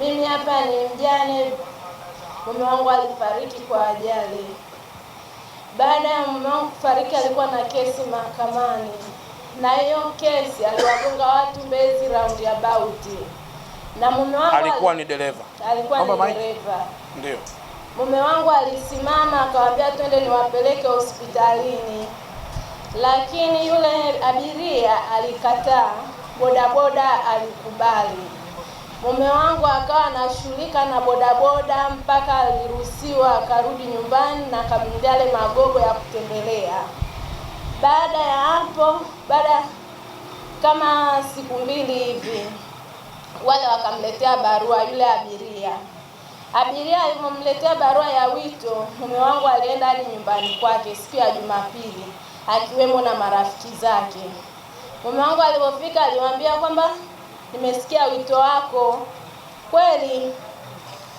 Mimi hapa ni mjane, mume wangu alifariki kwa ajali. Baada ya mume wangu kufariki, alikuwa na kesi mahakamani, na hiyo kesi aliwagonga watu Mbezi round about, na mume wangu alikuwa ni dereva, alikuwa ni dereva ndio. Mume wangu alisimama akawaambia, twende niwapeleke hospitalini, lakini yule abiria alikataa, bodaboda alikubali mume wangu akawa anashughulika na bodaboda mpaka aliruhusiwa akarudi nyumbani na kamjale magogo ya kutembelea. Baada ya hapo, baada kama siku mbili hivi, wale wakamletea barua yule abiria. Abiria alivyomletea barua ya wito, mume wangu alienda hadi nyumbani kwake siku ya Jumapili akiwemo na marafiki zake. Mume wangu alipofika aliwaambia kwamba nimesikia wito wako kweli.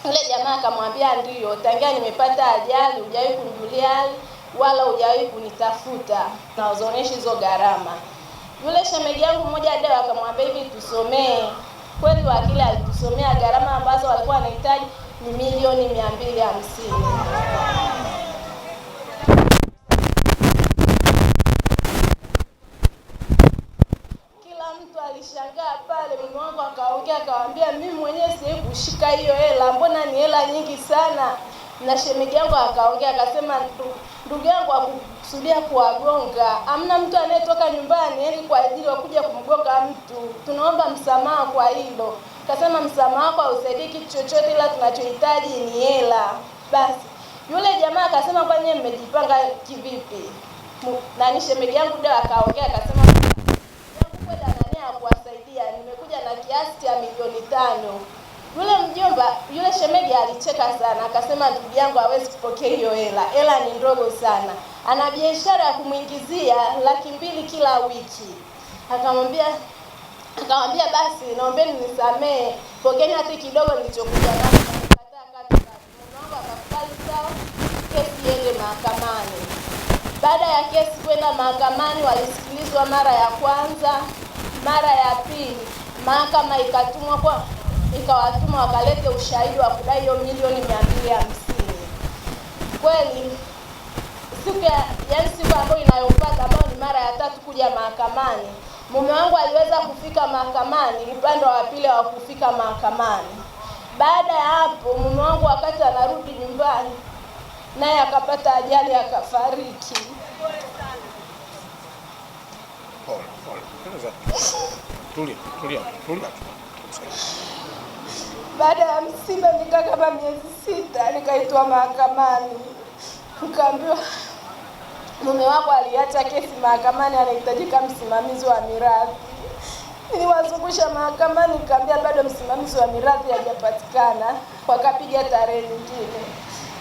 Yule jamaa akamwambia ndiyo, tangia nimepata ajali hujawahi kunijulia hali wala hujawahi kunitafuta na uzionyeshe hizo gharama. Yule shemeji yangu mmoja dada akamwambia hivi, tusomee kweli. Wakili alitusomea gharama ambazo walikuwa wanahitaji ni milioni mia mbili hamsini. nilishangaa pale, mume wangu akaongea akawaambia, mimi mwenyewe siwezi kushika hiyo hela, mbona ni hela nyingi sana. Na shemeji yangu akaongea akasema, ndugu yangu akukusudia kuwagonga, amna mtu anayetoka nyumbani ili kwa ajili ya kuja kumgonga mtu, tunaomba msamaha kwa hilo. Akasema msamaha wako hausaidii kitu chochote, ila tunachohitaji ni hela. Basi yule jamaa akasema, kwani mmejipanga kivipi? Na shemeji yangu ndio akaongea akasema kiasi cha milioni tano. Yule mjomba, yule shemegi alicheka sana, akasema ndugu yangu hawezi kupokea hiyo hela, hela ni ndogo sana, ana biashara ya kumwingizia laki mbili kila wiki. Akamwambia akamwambia basi, naombeni nisamee, pokeni hata kidogo nilichokuja nacho. kesi iende mahakamani. Baada ya kesi kwenda mahakamani, walisikilizwa mara ya kwanza, mara ya pili mahakama ikatumwa kwa ikawatuma wakalete ushahidi wa kudai hiyo milioni mia mbili hamsini. Kweli siku ya yaani, siku ambayo inayofuata ambayo ni mara ya tatu kuja mahakamani, mume wangu aliweza kufika mahakamani upande wa pili wa kufika mahakamani. Baada ya hapo, mume wangu wakati anarudi nyumbani, naye akapata ajali akafariki. Baada ya msiba nikaa kama miezi sita, nikaitwa mahakamani, nikaambiwa mume wako aliacha kesi mahakamani, anahitajika msimamizi wa mirathi. Niliwazungusha mahakamani, nikaambia bado msimamizi wa mirathi hajapatikana, wakapiga tarehe nyingine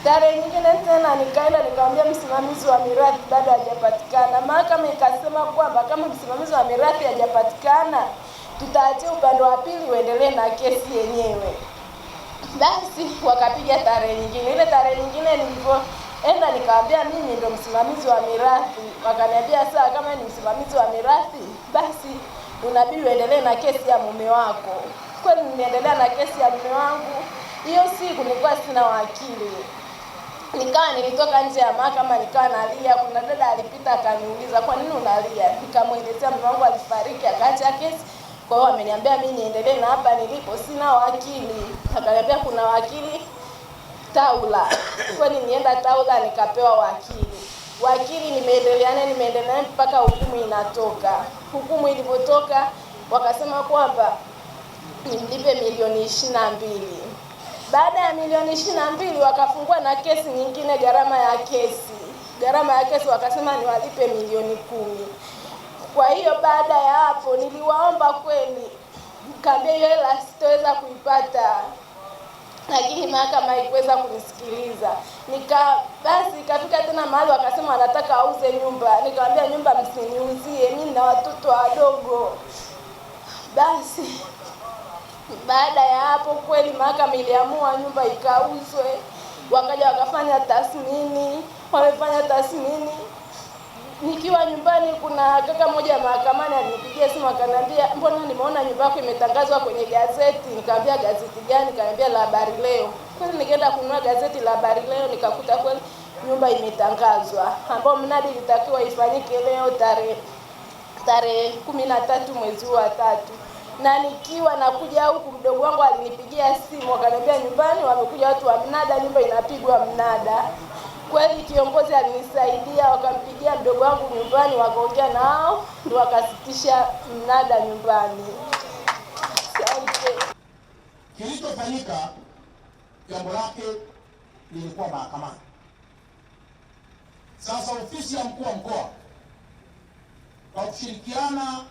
Tarehe nyingine tena nikaenda nikamwambia msimamizi wa mirathi bado hajapatikana. Mahakama ikasema kwamba kama msimamizi wa mirathi hajapatikana, tutaachia upande wa pili uendelee na kesi yenyewe. Basi wakapiga tarehe nyingine. Ile tarehe nyingine nilipoenda nikaambia mimi ndio msimamizi wa mirathi, wakaniambia sawa, kama ni msimamizi wa mirathi basi unabidi uendelee na kesi ya mume wako. Kweli niendelea na kesi ya mume wangu. Hiyo siku nilikuwa sina wakili. Nikawa nilitoka nje ya mahakama nikawa nalia. Kuna dada alipita akaniuliza, kwa nini unalia? Nikamwelezea mume wangu alifariki, akaacha kesi. Kwa hiyo ameniambia mimi niendelee na hapa nilipo, sina wakili. Akaniambia kuna wakili Taula, kwani nienda Taula nikapewa wakili. Wakili nimeendelea nimeendeleana mpaka hukumu inatoka. Hukumu ilipotoka wakasema kwamba nimlipe milioni ishirini na mbili. Baada ya milioni ishirini na mbili wakafungua na kesi nyingine, gharama ya kesi, gharama ya kesi wakasema niwalipe milioni kumi. Kwa hiyo baada ya hapo niliwaomba kweli, kaambia hiyo hela sitoweza kuipata, lakini mahakama haikuweza kunisikiliza. Nika basi ikafika tena mahali wakasema wanataka auze nyumba, nikamwambia nyumba msiniuzie, mimi na watoto wadogo basi baada ya hapo, kweli mahakama iliamua nyumba ikauzwe, wakaja wakafanya tathmini, wamefanya tathmini. Nikiwa nyumbani, kuna kaka mmoja mahakamani alinipigia simu akaniambia, mbona nimeona nyumba yako imetangazwa kwenye gazeti. nikaambia gazeti gani? Kaniambia la habari leo. Kweli nikaenda kununua gazeti la habari leo, nikakuta kweli nyumba imetangazwa, ambao mnadi ilitakiwa ifanyike leo tarehe tarehe kumi na tatu mwezi huu wa tatu na nikiwa nakuja huku, mdogo wangu alinipigia simu akaniambia, nyumbani wamekuja watu wa mnada, nyumba inapigwa mnada. Kweli kiongozi alinisaidia, wakampigia mdogo wangu nyumbani, wakaongea nao ndio wakasitisha mnada nyumbani. Kilichofanyika jambo lake lilikuwa mahakamani. Sasa ofisi ya mkuu wa mkoa kwa kushirikiana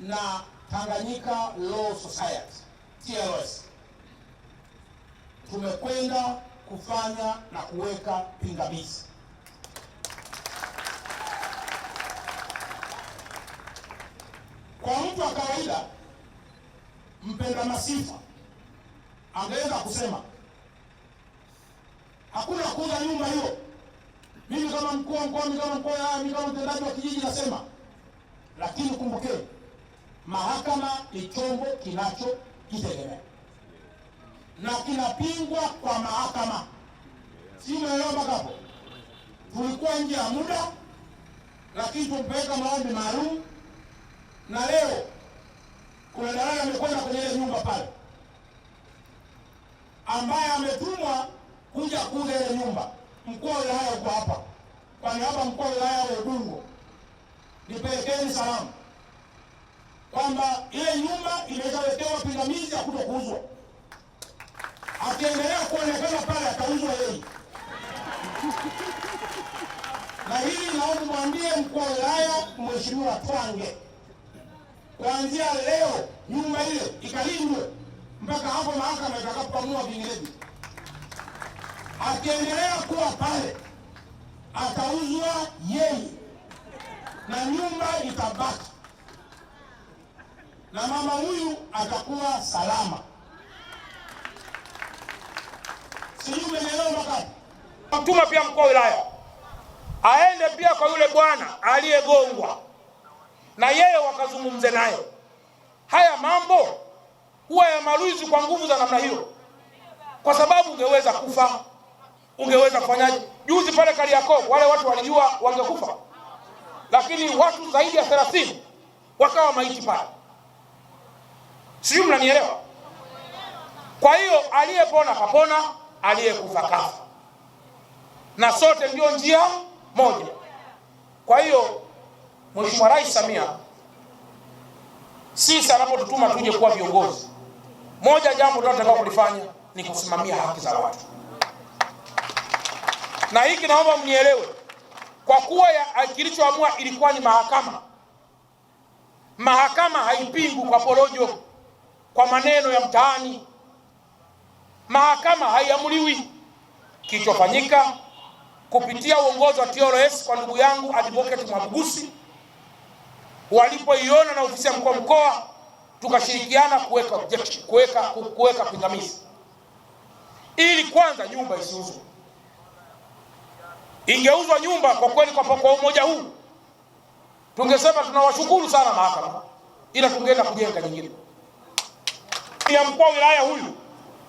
na Tanganyika Law Society TLS tumekwenda kufanya na kuweka pingamizi kwa mtu wa kawaida mpenda masifa angeweza kusema hakuna kuuza nyumba hiyo. Mimi kama mkuu wa mkoa, mimi kama mkuu wa mimi kama mtendaji wa kijiji nasema, lakini kumbukeni Mahakama ni chombo kinachojitegemea na kinapingwa kwa mahakama, si umeelewa? Mpaka hapo tulikuwa nje ya muda, lakini tumpeleka maombi maalum, na leo kuna dalali amekwenda kwenye ile nyumba pale, ambaye ametumwa kuja kuuza ile nyumba. Mkuu wa wilaya uko hapa, kwani hapa mkuu wa wilaya wa Ubungo, nipelekeni salamu kwamba ile nyumba inaweza wekewa pingamizi ya kuto kuuzwa. Akiendelea kuonekana pale, atauzwa yeye. Na hili naomba mwambie mkuu wa wilaya, Mheshimiwa Twange, kuanzia leo nyumba ile ikalindwe mpaka hapo mahakama itakapoamua vinginevyo. Akiendelea kuwa pale, atauzwa yeye na nyumba itabaki na mama huyu atakuwa salama. Sijui umeelewa makamu. Mtuma pia mkuu wa wilaya aende pia kwa yule bwana aliyegongwa na yeye, wakazungumze naye haya mambo. Huwa maruizi kwa nguvu za namna hiyo, kwa sababu ungeweza kufa, ungeweza kufanyaje? Juzi pale Kariakoo wale watu walijua wangekufa, lakini watu zaidi ya 30 wakawa maiti pale. Sijui mnanielewa? Kwa hiyo aliyepona kapona, aliyekufa kafa, na sote ndio njia moja. Kwa hiyo Mheshimiwa Rais Samia sisi anapotutuma tuje kuwa viongozi, moja jambo tunalotaka kulifanya ni kusimamia haki za watu, na hiki naomba mnielewe, kwa kuwa kilichoamua ilikuwa ni mahakama. Mahakama haipingwi kwa porojo kwa maneno ya mtaani. Mahakama haiamuliwi. Kilichofanyika kupitia uongozi wa TLS kwa ndugu yangu Advocate Mwabugusi, walipoiona na ofisi ya mkuu wa mkoa, tukashirikiana kuweka objection, kuweka kuweka pingamizi ili kwanza nyumba isiuzwe. Ingeuzwa nyumba kwa kweli, kwa kwa umoja huu tungesema tunawashukuru sana mahakama, ila tungeenda kujenga nyingine ya mkuu wa wilaya huyu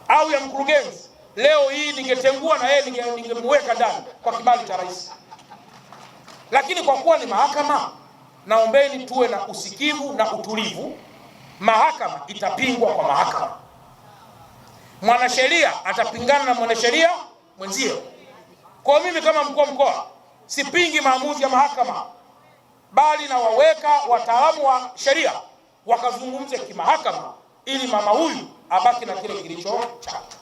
au ya mkurugenzi, leo hii ningetengua na yeye ningemweka ndani kwa kibali cha rais. Lakini kwa kuwa ni mahakama, naombeni tuwe na usikivu na utulivu. Mahakama itapingwa kwa mahakama, mwanasheria atapingana na mwanasheria mwenzie. Kwa mimi kama mkuu wa mkoa sipingi maamuzi ya mahakama, bali nawaweka wataalamu wa sheria wakazungumze kimahakama ili mama huyu abaki na kile kilicho chake.